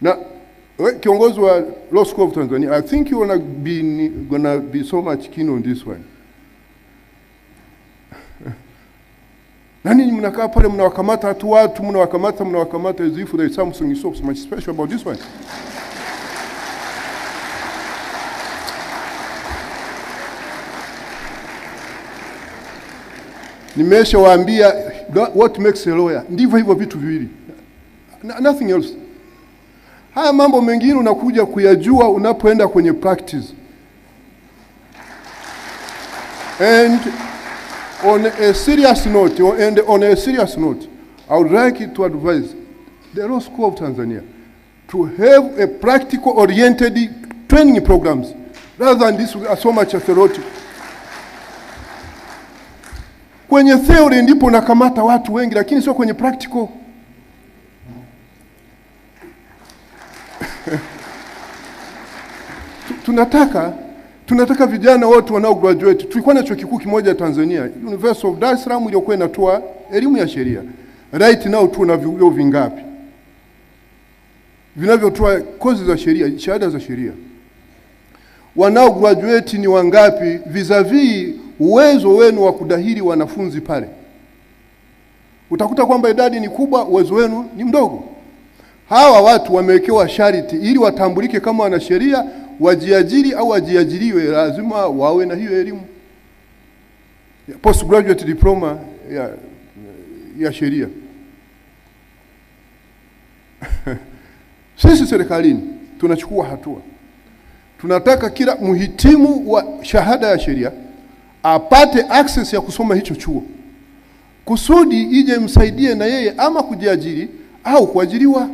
Na we, kiongozi wa Law School of Tanzania, I think you wanna be, gonna be so much keen on this one. Nani mnakaa pale mnawakamata tu watu mnawakamata mnawakamata as if there is something so much special about this one. Nimeshawaambia what makes a lawyer, ndivyo hivyo vitu viwili, nothing else. Haya mambo mengine unakuja kuyajua unapoenda kwenye practice. And on a serious note, and on a serious note, I would like to advise the Law School of Tanzania to have a practical oriented training programs rather than this so much theoretical. Kwenye theory ndipo nakamata watu wengi, lakini sio kwenye practical. tunataka tunataka vijana wote wanao graduate. Tulikuwa na chuo kikuu kimoja Tanzania, University of Dar es Salaam, iliyokuwa inatoa elimu ya sheria. Right now tuna vyuo vingapi vinavyotoa kozi za sheria, shahada za sheria? Wanao graduate ni wangapi vizavi uwezo wenu wa kudahili wanafunzi pale? Utakuta kwamba idadi ni kubwa, uwezo wenu ni mdogo hawa watu wamewekewa sharti ili watambulike kama wanasheria, wajiajiri au wajiajiriwe, lazima wawe na hiyo elimu postgraduate diploma ya, ya sheria. Sisi serikalini tunachukua hatua, tunataka kila mhitimu wa shahada ya sheria apate access ya kusoma hicho chuo kusudi ije msaidie na yeye ama kujiajiri au kuajiriwa.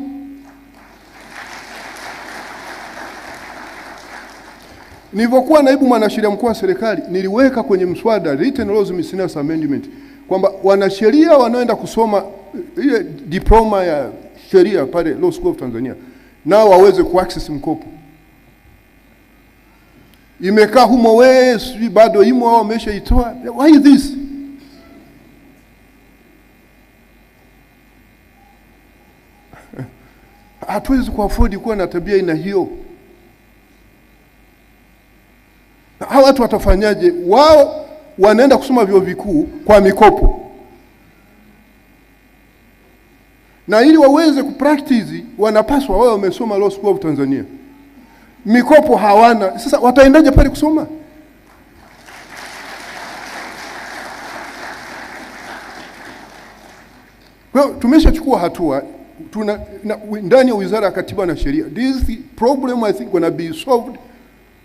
Nilivyokuwa naibu mwanasheria mkuu wa serikali, niliweka kwenye mswada Written Laws Miscellaneous Amendment kwamba wanasheria wanaoenda kusoma eh, ile diploma ya sheria pale Law School of Tanzania nao waweze access mkopo. Imekaa humo wewe, sijui bado imo au wameshaitoa. Why this? Hatuwezi kuafodi kuwa na tabia aina hiyo. watu watafanyaje? Wao wanaenda kusoma vyuo vikuu kwa mikopo, na ili waweze kupractice wanapaswa wao wamesoma Law School of Tanzania. Mikopo hawana, sasa wataendaje pale kusoma? Well, tumeshachukua hatua tuna ndani ya Wizara ya Katiba na Sheria. This problem I think gonna be solved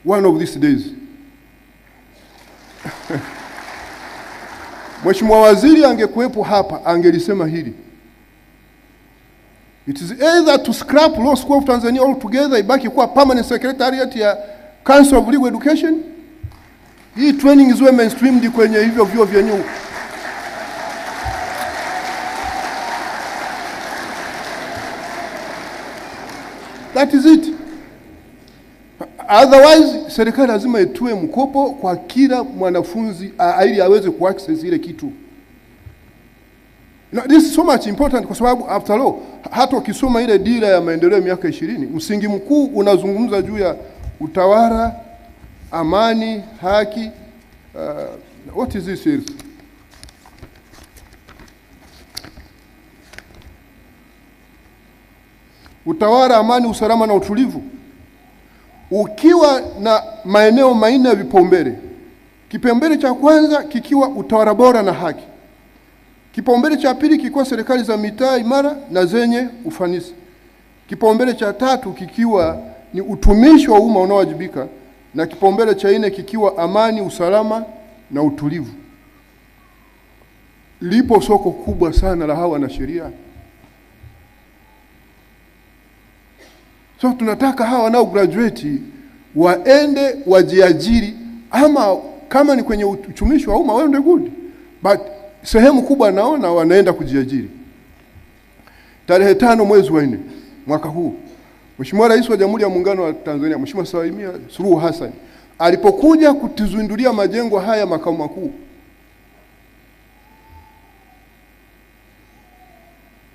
one of these days. Mheshimiwa Waziri angekuwepo hapa angelisema hili. It is either to scrap Law School of Tanzania altogether ibaki kuwa permanent secretariat ya Council of Legal Education. Hii training iziwe mainstreamed kwenye hivyo vyuo vyenyewe. That is it. Otherwise serikali lazima itoe mkopo kwa kila mwanafunzi ili aweze access ile kitu. Now, this is so much important kwa sababu after all hata ukisoma ile dira ya maendeleo miaka ishirini, msingi mkuu unazungumza juu ya utawala, amani, haki. Uh, what is this here? Utawala, amani, usalama na utulivu ukiwa na maeneo manne ya vipaumbele, kipaumbele cha kwanza kikiwa utawala bora na haki, kipaumbele cha pili kikiwa serikali za mitaa imara na zenye ufanisi, kipaumbele cha tatu kikiwa ni utumishi wa umma unaowajibika, na kipaumbele cha nne kikiwa amani, usalama na utulivu. Lipo soko kubwa sana la hawa wanasheria So tunataka hawa wanao graduate waende wajiajiri, ama kama ni kwenye uchumishi wa umma waende good, but sehemu kubwa naona wanaenda kujiajiri. Tarehe tano mwezi wa nne mwaka huu Mheshimiwa Rais wa Jamhuri ya Muungano wa Tanzania Mheshimiwa Samia Suluhu Hassan alipokuja kutuzindulia majengo haya makao makuu,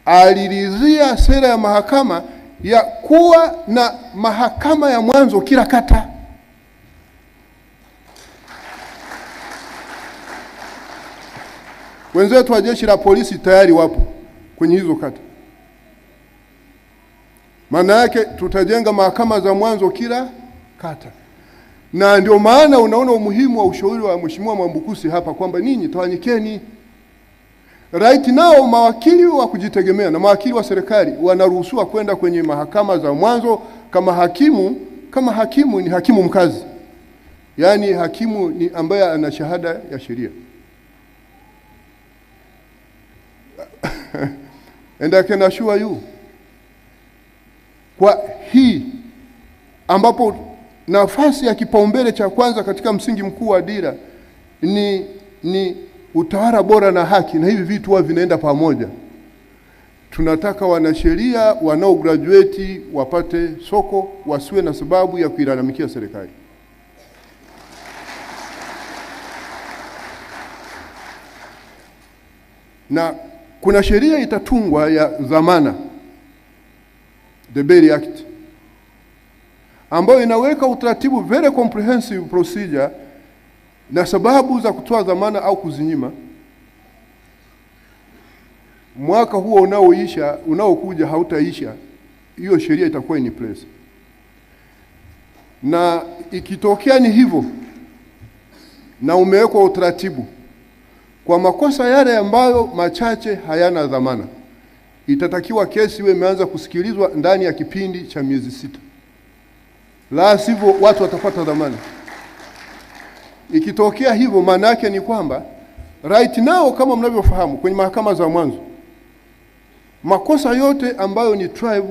aliridhia sera ya mahakama ya kuwa na mahakama ya mwanzo kila kata. Wenzetu wa jeshi la polisi tayari wapo kwenye hizo kata. Maana yake tutajenga mahakama za mwanzo kila kata, na ndio maana unaona umuhimu wa ushauri wa Mheshimiwa Mwambukusi hapa kwamba ninyi tawanyikeni. Right now mawakili wa kujitegemea na mawakili wa serikali wanaruhusiwa kwenda kwenye mahakama za mwanzo kama hakimu. Kama hakimu ni hakimu mkazi, yaani hakimu ni ambaye ana shahada ya sheria and I can assure you kwa hii ambapo nafasi ya kipaumbele cha kwanza katika msingi mkuu wa dira ni, ni utawala bora na haki, na hivi vitu huwa vinaenda pamoja. Tunataka wanasheria wanao graduate wapate soko, wasiwe na sababu ya kuilalamikia serikali. Na kuna sheria itatungwa ya dhamana, the Bail Act, ambayo inaweka utaratibu very comprehensive procedure na sababu za kutoa dhamana au kuzinyima mwaka huo unaoisha unaokuja hautaisha, hiyo sheria itakuwa in place. Na ikitokea ni hivyo na umewekwa utaratibu kwa makosa yale ambayo machache hayana dhamana, itatakiwa kesi iwe imeanza kusikilizwa ndani ya kipindi cha miezi sita, la sivyo watu watapata dhamana. Ikitokea hivyo, maana yake ni kwamba right now, kama mnavyofahamu kwenye mahakama za mwanzo, makosa yote ambayo ni tribe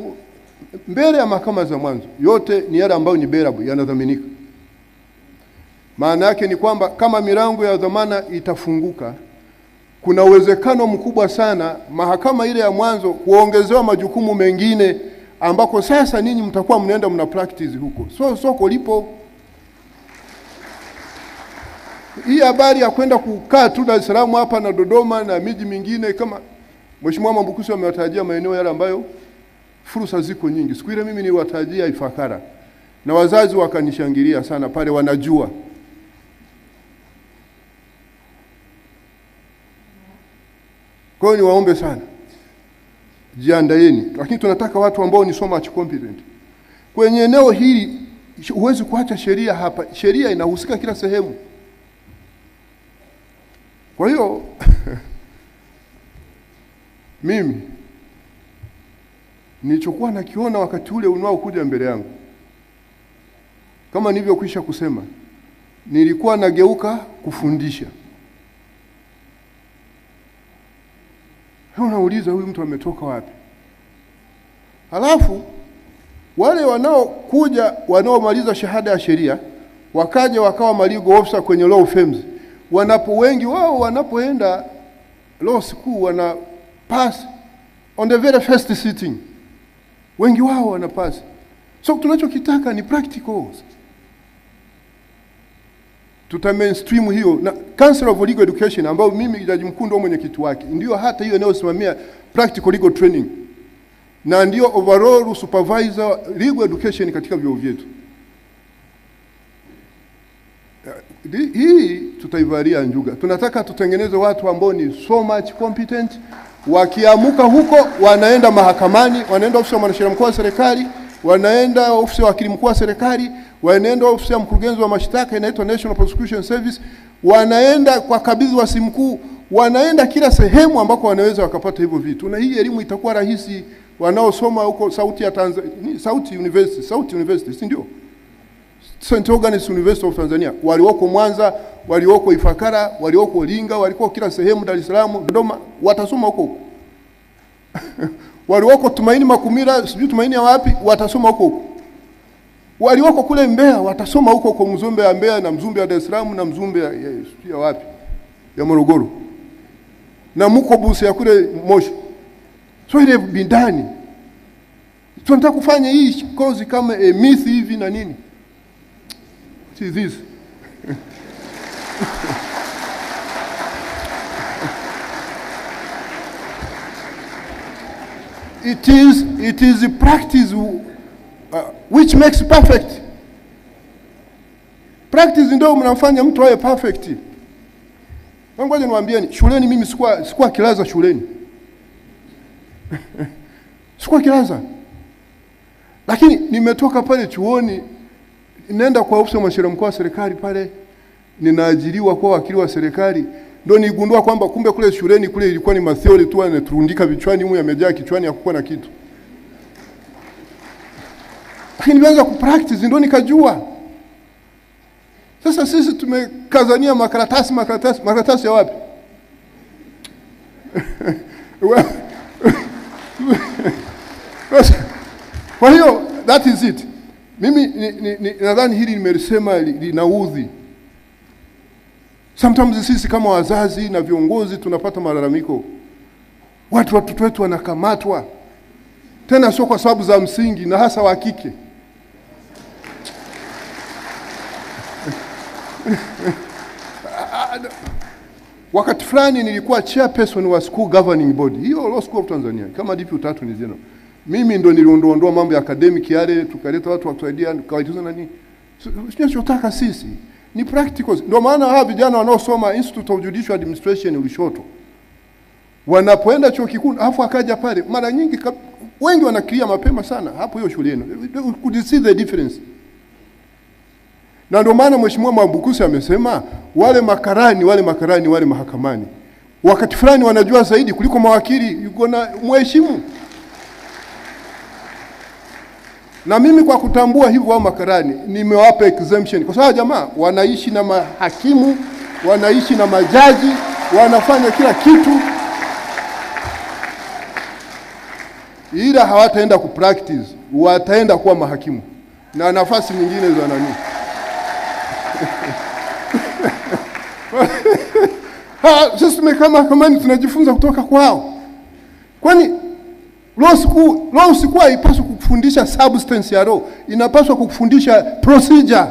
mbele ya mahakama za mwanzo, yote ni yale ambayo ni bearable, yanadhaminika. Maana yake ni kwamba kama milango ya dhamana itafunguka, kuna uwezekano mkubwa sana mahakama ile ya mwanzo kuongezewa majukumu mengine ambako sasa ninyi mtakuwa mnaenda mna practice huko, so soko lipo. Hii habari ya kwenda kukaa tu Dar es Salaam hapa na Dodoma na miji mingine, kama Mheshimiwa Mambukusi amewatajia maeneo yale ambayo fursa ziko nyingi. Siku ile mimi niliwatajia Ifakara na wazazi wakanishangilia sana pale, wanajua Kwa hiyo niwaombe sana, jiandaeni, lakini tunataka watu ambao ni so much competent kwenye eneo hili. Huwezi kuacha sheria hapa, sheria inahusika kila sehemu. Kwa hiyo mimi nilichokuwa nakiona wakati ule unaokuja mbele yangu, kama nilivyokwisha kusema, nilikuwa nageuka kufundisha. Unauliza, huyu mtu ametoka wapi? Halafu wale wanaokuja wanaomaliza shahada ya sheria wakaja wakawa maligo officer kwenye law firms wanapo wengi wao wanapoenda law school wana pass on the very first sitting, wengi wao wana pass. So tunachokitaka ni practicals, tuta mainstream hiyo na Council of Legal Education ambao mimi Jaji Mkuu ndio mwenyekiti wake, ndio hata hiyo inayosimamia practical legal training na ndio overall supervisor legal education katika vyuo vyetu. hii tutaivalia njuga. Tunataka tutengeneze watu ambao ni so much competent, wakiamuka huko wanaenda mahakamani, wanaenda ofisi ya mwanasheria mkuu wa serikali, wanaenda ofisi ya wakili mkuu wa serikali, wanaenda ofisi ya mkurugenzi wa mashtaka inaitwa National Prosecution Service, wanaenda kwa kabidhi wa simu mkuu, wanaenda kila sehemu ambako wanaweza wakapata hivyo vitu, na hii elimu itakuwa rahisi wanaosoma huko Sauti ya Tanzania, Sauti University, Sauti University, si ndio? St. Agnes University of Tanzania walioko Mwanza, walioko Ifakara, walioko Linga, walioko kila sehemu, Dar es Salaam, Dodoma, watasoma huko huko walioko Tumaini Makumira, sijui Tumaini ya wapi, watasoma huko huko walioko kule Mbeya, watasoma huko kwa Mzumbe ya Mbeya na Mzumbe ya Dar es Salaam na Mzumbe ya, ya, ya wapi ya Morogoro na muko busi ya kule Moshi. So ile bindani tunataka kufanya hii kozi kama e, mithi hivi na nini See this? it is it is a practice uh, which makes perfect. Practice ndio mnamfanya mtu awe perfect. Ngoja niwaambieni, shuleni mimi sikuwa sikuwa kilaza shuleni. sikuwa kilaza. Lakini nimetoka pale chuoni nenda kwa ofisi ya mwanasheria mkuu wa serikali pale, ninaajiriwa kuwa wakili wa serikali, ndio nigundua kwamba kumbe kule shuleni kule ilikuwa ni matheori tu anaturundika vichwani, huyu amejaa kichwani, hakukuwa na kitu. Lakini nilianza kupractice, ndio nikajua. Sasa sisi tumekazania makaratasi, makaratasi, makaratasi ya wapi? Kwa hiyo that is it. Mimi ni, ni, ni, nadhani hili nimelisema linaudhi Sometimes sisi kama wazazi na viongozi tunapata malalamiko, watu watoto wetu wanakamatwa, tena sio kwa sababu za msingi, na hasa wa kike wakati fulani nilikuwa chairperson wa school governing body hiyo Law School of Tanzania kama utatu ni general mimi ndo niliondoondoa mambo ya academic yale, tukaleta watu wakusaidia, tukawaitiza nani, tunachotaka sisi ni practicals. Ndio maana hawa vijana wanaosoma Institute of Judicial Administration Lushoto wanapoenda chuo kikuu, afu akaja pale, mara nyingi wengi wanakilia mapema sana hapo hiyo shule yenu. Could see the difference? Na ndio maana Mheshimiwa Mwabukusi amesema wale makarani wale makarani wale mahakamani wakati fulani wanajua zaidi kuliko mawakili, yuko na mheshimu Na mimi kwa kutambua hivyo wao makarani, nimewapa exemption kwa sababu jamaa wanaishi na mahakimu, wanaishi na majaji, wanafanya kila kitu, ila hawataenda ku practice, wataenda kuwa mahakimu na nafasi nyingine za nani sisi tumekaa mahakamani tunajifunza kutoka kwao, kwani law school haipaswi kukufundisha substance ya roho, inapaswa kukufundisha procedure.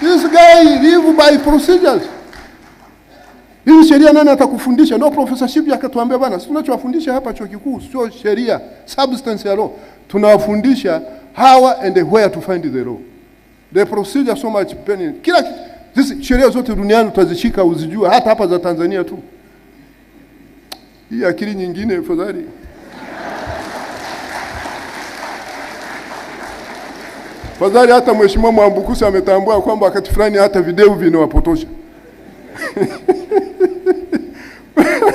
This guy live by procedures. Hii sheria nani atakufundisha? Ndio professorship Shipya akatuambia bana, sisi tunachowafundisha hapa chuo kikuu sio sheria, substance ya roho. Tunawafundisha how and where to find the law. The procedure so much pain. Kila hizi sheria zote duniani utazishika uzijua, hata hapa za Tanzania tu. Hii akili nyingine fadhali Fadhali hata Mheshimiwa Mwambukusi ametambua kwamba wakati fulani hata video vinawapotosha.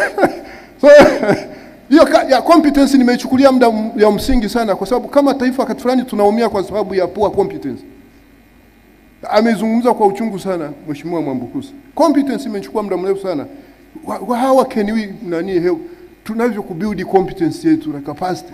So, hiyo ya competence nimeichukulia muda ya msingi sana kwa sababu kama taifa wakati fulani tunaumia kwa sababu ya poor competence. Amezungumza kwa uchungu sana Mheshimiwa Mwambukusi. Competence imechukua muda mrefu sana. How can we nani help tunavyo kubuild competence yetu na capacity